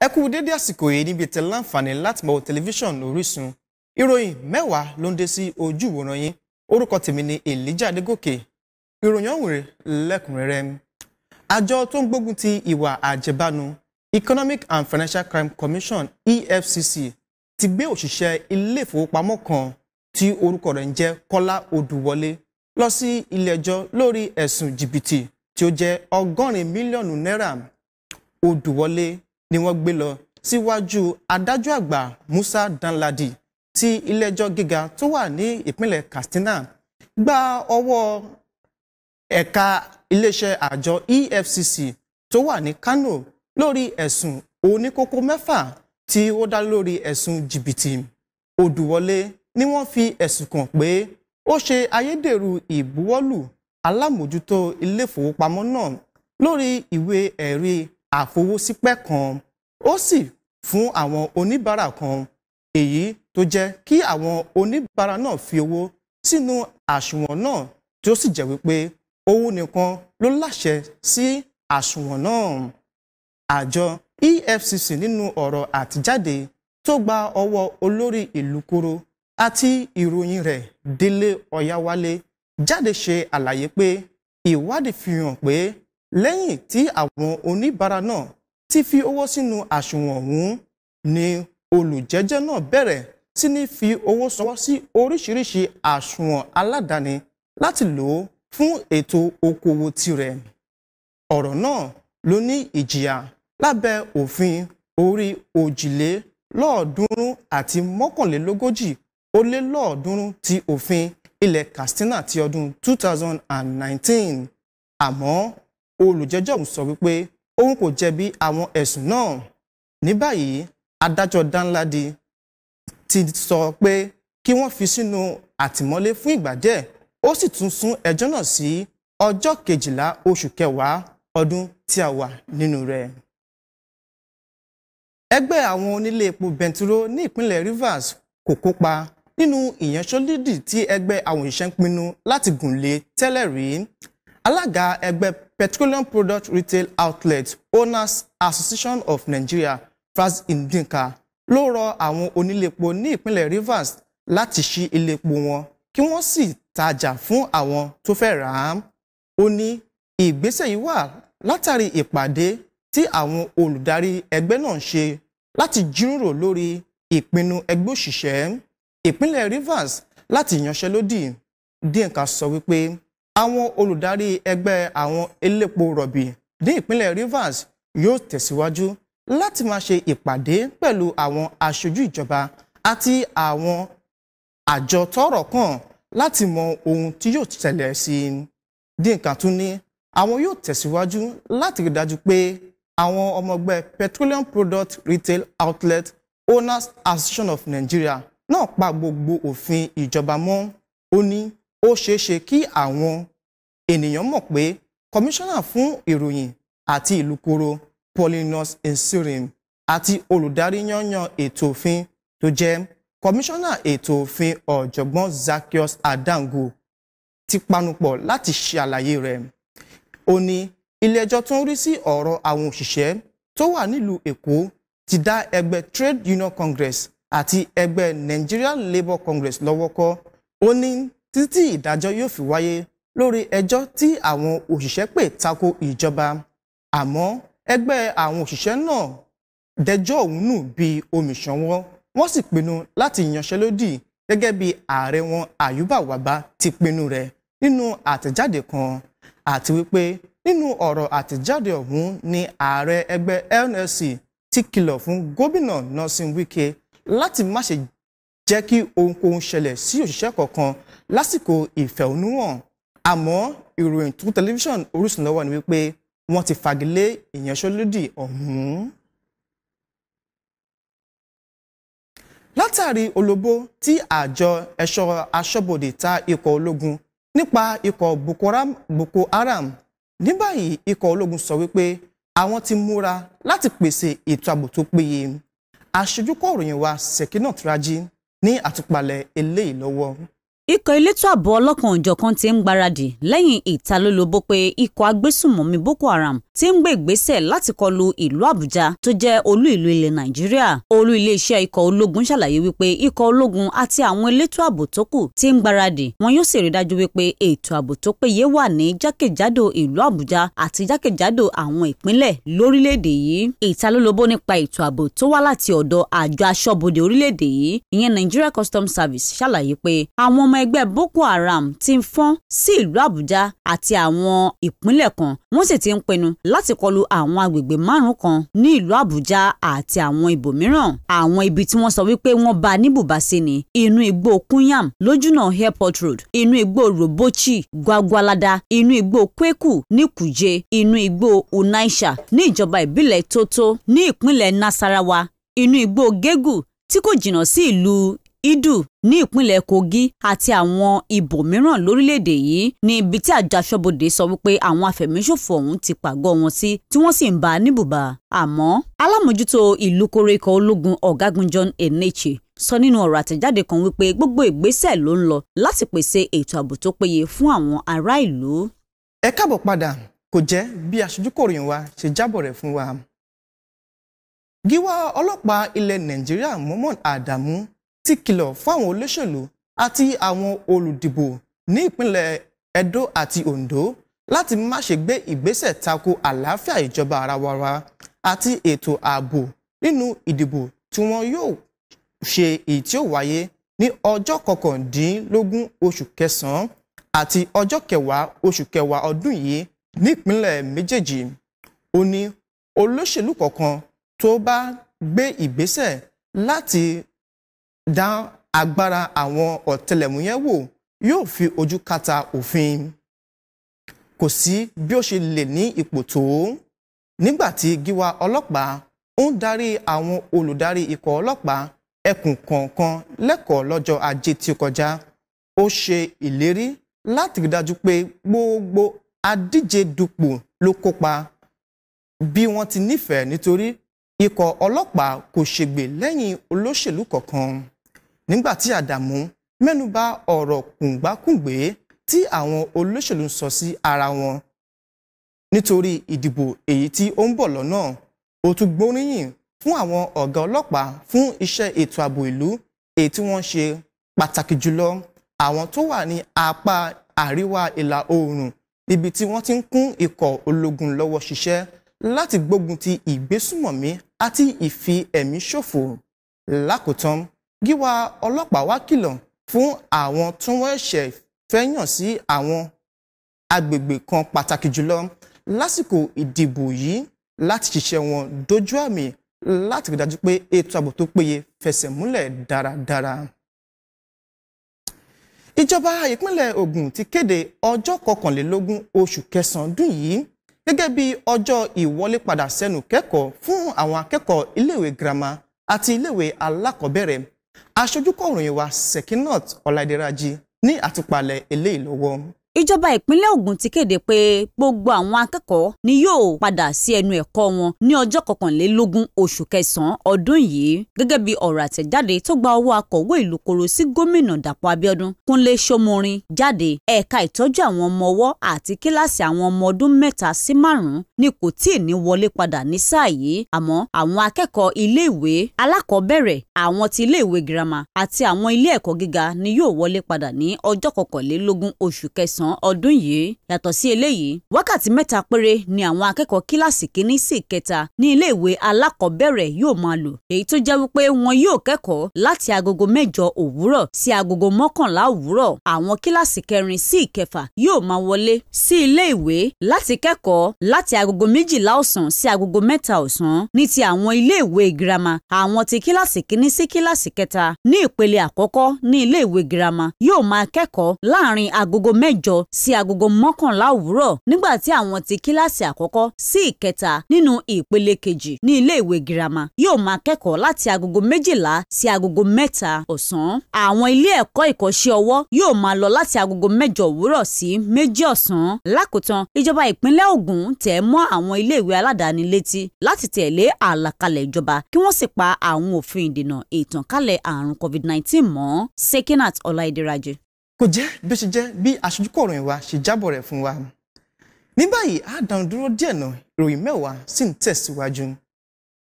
ẹ kú dédé àsìkò yìí níbi tẹ láǹfààní láti mọ tẹlifíṣàn Orísun ìròyìn mẹ́wàá ló ń dé sí ojú ìwòran yín orúkọ tèmi ni Elijah Adégòkè ìròyìn ọ̀hún lẹ́kùnrẹ́rẹ́ àjọ tó ń gbógun ti ìwà àjẹbánu Economic and Financial Crime Commission EFCC ti gbé òṣìṣẹ́ ilé ìfowópamọ́ kan tí orúkọ rẹ̀ ń jẹ́ Kọ́lá Odùwọlé lọ sí ilé ẹjọ́ lórí ẹ̀sùn jìbìtì tí ó jẹ́ ọgọ́rin mílíọ̀nù náírà Odùwọlé ni wọ́n gbé lọ síwájú adájọ́ àgbà Musa Danladi ti iléẹjọ́ gíga tó wà ní ìpínlẹ̀ Katsina gba ọwọ́ ẹ̀ka iléeṣẹ́ àjọ EFCC tó wà ní Kano lórí ẹ̀sùn oníkókó mẹ́fà tí ó dá lórí ẹ̀sùn jìbìtì Odùwọlé ni wọ́n fi ẹ̀sùn kàn pé ó ṣe ayédèrú ìbuwọ́lù alámòjútó iléèfowópamọ́ náà lórí ìwé ẹ̀rí àfowósípẹ́ kan ó sì fún àwọn oníbàárà kan èyí tó jẹ́ kí àwọn oníbàárà náà fi owó sínú àsùnwọ̀n náà tí ó sì jẹ́ wípé owó nìkan ló láṣẹ sí àsùnwọ̀n náà àjọ EFCC nínú ọ̀rọ̀ àtijáde tó gba ọwọ́ olórí ìlúkoro àti ìròyìn rẹ̀ Délé Ọ̀yáwálé jáde ṣe àlàyé pé ìwádìí fi hàn pé lẹ́yìn tí àwọn oníbàárà náà ti fi owó sínú àsùnwọ̀n ọ̀hún ni olùjẹ́jẹ́ náà bẹ̀rẹ̀ sí ní fi owó sọwọ́ sí oríṣiríṣi àsùnwọ̀n aládàáni láti lò ó fún ètò okòwò tirẹ̀ ọ̀rọ̀ náà ló ní ìjìyà lábẹ́ òfin orí òjìlé lọ́ọ̀ọ́dúnrún àti mọ́kànlélógójì ó lé lọ́ọ̀ọ́dúnrún ti òfin ilẹ̀ Katsina ti ọdún 2019 àmọ́ olùjẹ́jọ́ ọ̀hún sọ wípé òun kò jẹ̀bi àwọn ẹ̀sùn náà ní báyìí adájọ́ Danladi ti sọ pé kí wọ́n fi sínú àtìmọ́lé fún ìgbà díẹ̀ ó sì tún sún ẹjọ́ náà sí ọjọ́ kejìlá oṣù kẹwàá ọdún tí a wà nínú rẹ̀. ẹgbẹ́ àwọn onílé epo bẹntiró ní ìpínlẹ̀ Rivers kò kópa nínú ìyanṣẹ́lódì tí ẹgbẹ́ àwọn òṣìṣẹ́ ń pinnu láti gùn lé tẹ́lẹ̀ rí alága ẹgbẹ́ petroleum product retail outlet owners association of nigeria franz ndinka ló rọ àwọn oníléepo ní ìpínlẹ̀ rivers láti ṣí iléepo wọn kí wọ́n sì tajà fún àwọn tó fẹ́ rà á ó ní ìgbésẹ̀ yìí wà látàrí ìpàdé tí àwọn olùdarí ẹgbẹ́ náà ń ṣe láti jíròrò lórí ìpinnu ẹgbẹ́ òṣìṣẹ́ ìpínlẹ̀ rivers láti yanṣẹ́lódì dínkà sọ wípé àwọn olùdarí ẹgbẹ́ àwọn elépo rọ̀bì ní ìpínlẹ̀ Rivers yóò tẹ̀síwájú láti máa ṣe ìpàdé pẹ̀lú àwọn aṣojú ìjọba àti àwọn àjọ tọ́rọ̀ kàn láti mọ ohun tí yóò tẹ̀lé sí i Dínkà tún ní àwọn yóò tẹ̀síwájú láti rí dájú pé àwọn ọmọ Petroleum Product Retail Outlet Owners Association of Nigeria náà pa gbogbo òfin ìjọba mọ́ ó ní ó ṣeé ṣe kí àwọn ènìyàn mọ̀ pé kọmíṣánná fún ìròyìn àti ìlúkoro Paulinus Nsirim àti olùdarí yanyan ètò òfin tó jẹ́ kọmíṣánná ètò òfin ọ̀jọ̀gbọ́n Zaccheaus Adangu ti panupọ̀ láti ṣàlàyé rẹ̀ ó ní ilé-ẹjọ́ tó ń rí sí ọ̀rọ̀ àwọn òṣìṣẹ́ tó wà nílùú Èkó ti dá ẹgbẹ́ Trade Union Congress àti ẹgbẹ́ Nigerian Labour Congress lọ́wọ́ kọ́ ó ní títí ìdájọ́ yóò fi wáyé lórí ẹjọ́ tí àwọn òṣìṣẹ́ pè tako ìjọba àmọ́ ẹgbẹ́ àwọn òṣìṣẹ́ náà dẹjọ́ ọ̀hún nù bíi omi ṣànwọ́ wọ́n sì pinnu láti yanṣẹ́lódì gẹ́gẹ́ bí ààrẹ wọn Àyùbá Wàbá ti pinnu rẹ̀ nínú àtẹ̀jáde kan àti wípé nínú ọ̀rọ̀ àtẹ̀jáde ọ̀hún ni ààrẹ ẹgbẹ́ NLC ti kìlọ̀ fún gómìnà Nọ́sìn Wike láti má ṣe jẹ́ kí ohunkóhun ṣẹlẹ̀ sí òṣìṣẹ́ kọ̀ọ̀kan lásìkò ìfẹ̀hónúhàn àmọ́ ìròyìn tó tẹlifíṣàn Orísun lọ́wọ́ ni wípé wọ́n ti fagilé ìyanṣẹ́lódì ọ̀hún. látàrí olóbó tí àjọ ẹ̀ṣọ́ aṣọ́bodè ta ikọ̀ ológun nípa ikọ̀ Boko Haram ní báyìí ikọ̀ ológun sọ wípé àwọn ti múra láti pèsè ètò ààbò tó péye aṣojú kọ̀ròyìn wa Sekinat Raji ní àtúpalẹ̀ eléyìí lọ́wọ́ ikọ̀ elétò ààbò ọlọ́kan òjọ̀kan ti ń gbáradì lẹ́yìn ìtalólobó pé ikọ̀ agbésùmọ̀mí Boko Haram ti ń gbé ìgbésẹ̀ láti kọlu ìlú Àbújá tó jẹ́ olú ìlú ilẹ̀ Nàìjíríà olú iléeṣẹ́ ikọ̀ ológun ṣàlàyé wípé ikọ̀ ológun àti àwọn elétò ààbò tó kù ti ń gbáradì wọn yóò sì rí dájú wípé ètò ààbò tó péye wà ní jákèjádò ìlú Àbújá àti jákèjádò àwọn ìpínlẹ̀ lórílẹ̀‐èdè Nigeria Customs Service ṣàlàyé pé àwọn ẹgbẹ́ Boko Haram ti ń fọ́n sí ìlú Àbújá àti àwọn ìpínlẹ̀ kan wọ́n sì ti ń pinnu láti kọlu àwọn agbègbè márùn kan ní ìlú Àbújá àti àwọn ibòmíràn àwọn ibi tí wọ́n sọ wípé wọ́n bá níbùbà ni inú igbó Kunyam lójúnà Airport Road inú igbó Robochi Gwagwalada inú igbó Kweku ní Kuje inú igbó Unaisha ní ìjọba ìbílẹ̀ Toto ní ìpínlẹ̀ Nasarawa inú igbó Gegu tí kò jìnnà sí ìlú Idu ní ìpínlẹ̀ Kogi àti àwọn ibòmíràn lórílẹ̀‐èdè yìí ní ibi tí àjọ aṣọ́bodè sọ wípé àwọn afẹ̀míṣòfò ọ̀hún ti pàgọ́ wọn sí tí wọ́n sì ń bá a níbùbà. Àmọ́ alámòjútó ìlú kórè ológun ọ̀gágun John Eneche sọ nínú ọ̀rọ̀ àtẹ̀jáde kan wípé gbogbo ìgbésẹ̀ ló ń lọ láti pèsè ètò ààbò tó péye fún àwọn ará ìlú. Ẹ káàbọ̀ padà kò jẹ́ bí aṣojúkòròyìn wa ṣe jábọ̀ rẹ̀ fún wa. Gíwá ọlọ́pàá ilẹ̀ Nàìjíríà Mohammed Adamu ti kìlọ̀ fáwọn olóṣèlú àti àwọn olùdìbò ní ìpínlẹ̀ Edo àti Ondo láti má ṣe gbé ìgbésẹ̀ tako àlàáfíà ìjọba àrawa àti ètò ààbò nínú ìdìbò tí wọn yóò ṣe èyí tí ó wáyé ní ọjọ́ kọkàndínlógún oṣù kẹsàn-án àti ọjọ́ kẹwàá oṣù kẹwàá ọdún yìí nípínlẹ̀ méjèèjì ó ní olóṣèlú kọ̀ọ̀kan tó bá gbé ìgbésẹ̀ láti dá agbára àwọn ọ̀tẹlẹ̀múyẹ́ wò yóò fi ojú kata òfin kò sí bí ó ṣe lè ní ipò tó nígbà tí gíwá ọlọ́pàá ń darí àwọn olùdarí ikọ̀ ọlọ́pàá ẹkùn kọ̀ọ̀kan lẹ́kọ̀ọ́ lọ́jọ́ ajé tí ó kọjá ó ṣe ìlérí láti rí dájú pé gbogbo adíje dupò ló kópa bí wọ́n ti nífẹ̀ẹ́ nítorí ikọ̀ ọlọ́pàá kò ṣègbè lẹ́yìn olóṣèlú kọ̀ọ̀kan nígbà tí Àdàmú mẹ́nubà ọ̀rọ̀ kùngbákùngbé tí àwọn olóṣèlú ń sọ sí ara wọn nítorí ìdìbò èyí tí ó ń bọ̀ lọ́nà ó tún gbóríyìn fún àwọn ọ̀gá ọlọ́pàá fún iṣẹ́ ètò ààbò ìlú èyí tí wọ́n ṣe pàtàkì jùlọ àwọn tó wà ní apá àríwá ìlà oòrùn níbi tí wọ́n ti ń kún ikọ̀ ológun lọ́wọ́ ṣiṣẹ́ láti gbógun ti ìgbésùmọ̀mí àti ìfi ẹ̀mí ṣòfò lákòótán gíwá ọlọ́pàá wá kìlọ̀ fún àwọn tí wọ́n ṣẹ̀ fẹ́yàn sí àwọn agbègbè kan pàtàkì jùlọ lásìkò ìdìbò yìí láti ṣiṣẹ́ wọn dojú àmì láti rí dájú pé ètò ààbò tó péye fẹsẹ̀ múlẹ̀ dáradára. ìjọba ìpínlẹ̀ Ògùn ti kéde ọjọ́ kọkànlélógún oṣù kẹsàn-án dún yìí gẹ́gẹ́ bí ọjọ́ ìwọlé padà sẹ́nu kẹ́kọ̀ọ́ fún àwọn akẹ́kọ̀ọ́ iléèwé girama àti iléèwé alákọ̀ọ́bẹ̀rẹ̀ aṣojú kọ̀ròyìn wa Sekinat Ọláìdẹ́rájí ní àtúpalẹ̀ eléyìí lọ́wọ́ ìjọba ìpínlẹ̀ Ògùn ti kéde pé gbogbo àwọn akẹ́kọ̀ọ́ ni yóò padà sí ẹnu ẹ̀kọ́ wọn ní ọjọ́ kọkànlélógún oṣù kẹsàn-án ọdún yìí gẹ́gẹ́ bí ọ̀rọ̀ àtẹ̀jáde tó gba ọwọ́ akọ̀wé ìlú koro sí gómìnà Dàpọ̀ Abíọ́dún Kúnlé Ṣómọrin jáde ẹ̀ka ìtọ́jú àwọn ọmọ ọwọ́ àti kíláàsì àwọn ọmọ ọdún mẹ́ta sí márùn-ún ni kò tíì ní wọlé padà ní sáà yìí àmọ́ àwọn akẹ́kọ̀ọ́ iléèwé alákọ̀ọ́bẹ̀rẹ̀ àwọn ti iléèwé girama àti àwọn ilé ẹ̀kọ́ gíga ni yóò wọlé padà ní mẹ́sàn-án ọdún yìí yàtọ̀ sí eléyìí wákàtí mẹ́ta péré ni àwọn akẹ́kọ̀ọ́ kíláàsì kínní sí ìkẹta ní iléèwé alákọ̀ọ́bẹ̀rẹ̀ yóò máa lò èyí tó jẹ́ wípé wọn yóò kẹ́kọ̀ọ́ láti agogo mẹ́jọ òwúrọ̀ sí agogo mọ́kànlá òwúrọ̀ àwọn kíláàsì kẹrin sí ìkẹfà yóò máa wọlé sí iléèwé láti kẹ́kọ̀ọ́ láti agogo méjìlá ọ̀sán sí agogo mẹ́ta ọ̀sán ní ti àwọn iléèwé girama àwọn ti kíláàsì kínní sí kíláàsì kẹta ní ìpele àkọ́kọ́ ní iléèwé girama yóò máa kẹ́kọ̀ọ́ láàárín agogo mẹ́jọ mẹ́jọ sí agogo mọ́kànlá òwúrọ̀ nígbà tí àwọn ti kíláàsì àkọ́kọ́ sí ìkẹta nínú ìpele kejì ní ilé ìwé girama yóò máa kẹ́kọ̀ọ́ láti agogo méjìlá sí agogo mẹ́ta ọ̀sán. àwọn ilé ẹ̀kọ́ ìkọ́ṣẹ́ ọwọ́ yóò máa lọ láti agogo mẹ́jọ òwúrọ̀ sí méjì ọ̀sán. lákòótán ìjọba ìpínlẹ̀ Ògùn tẹ̀ mọ́ àwọn ilé ìwé aládàáni létí láti tẹ̀lé àlàkalẹ̀ ìjọba kí wọ́n sì pa àwọn òfin ìdènà ìtànkalẹ̀ àrùn COVID-19 mọ́ Sekinat Ọláìdíraje kò jẹ́ bí ó ṣe jẹ́ bí aṣojú kọ̀ròyìn wa ṣe jábọ̀ rẹ̀ fún wa ní báyìí a dàn dúró díẹ̀ náà ìròyìn mẹ́wàá sì ń tẹ̀síwájú.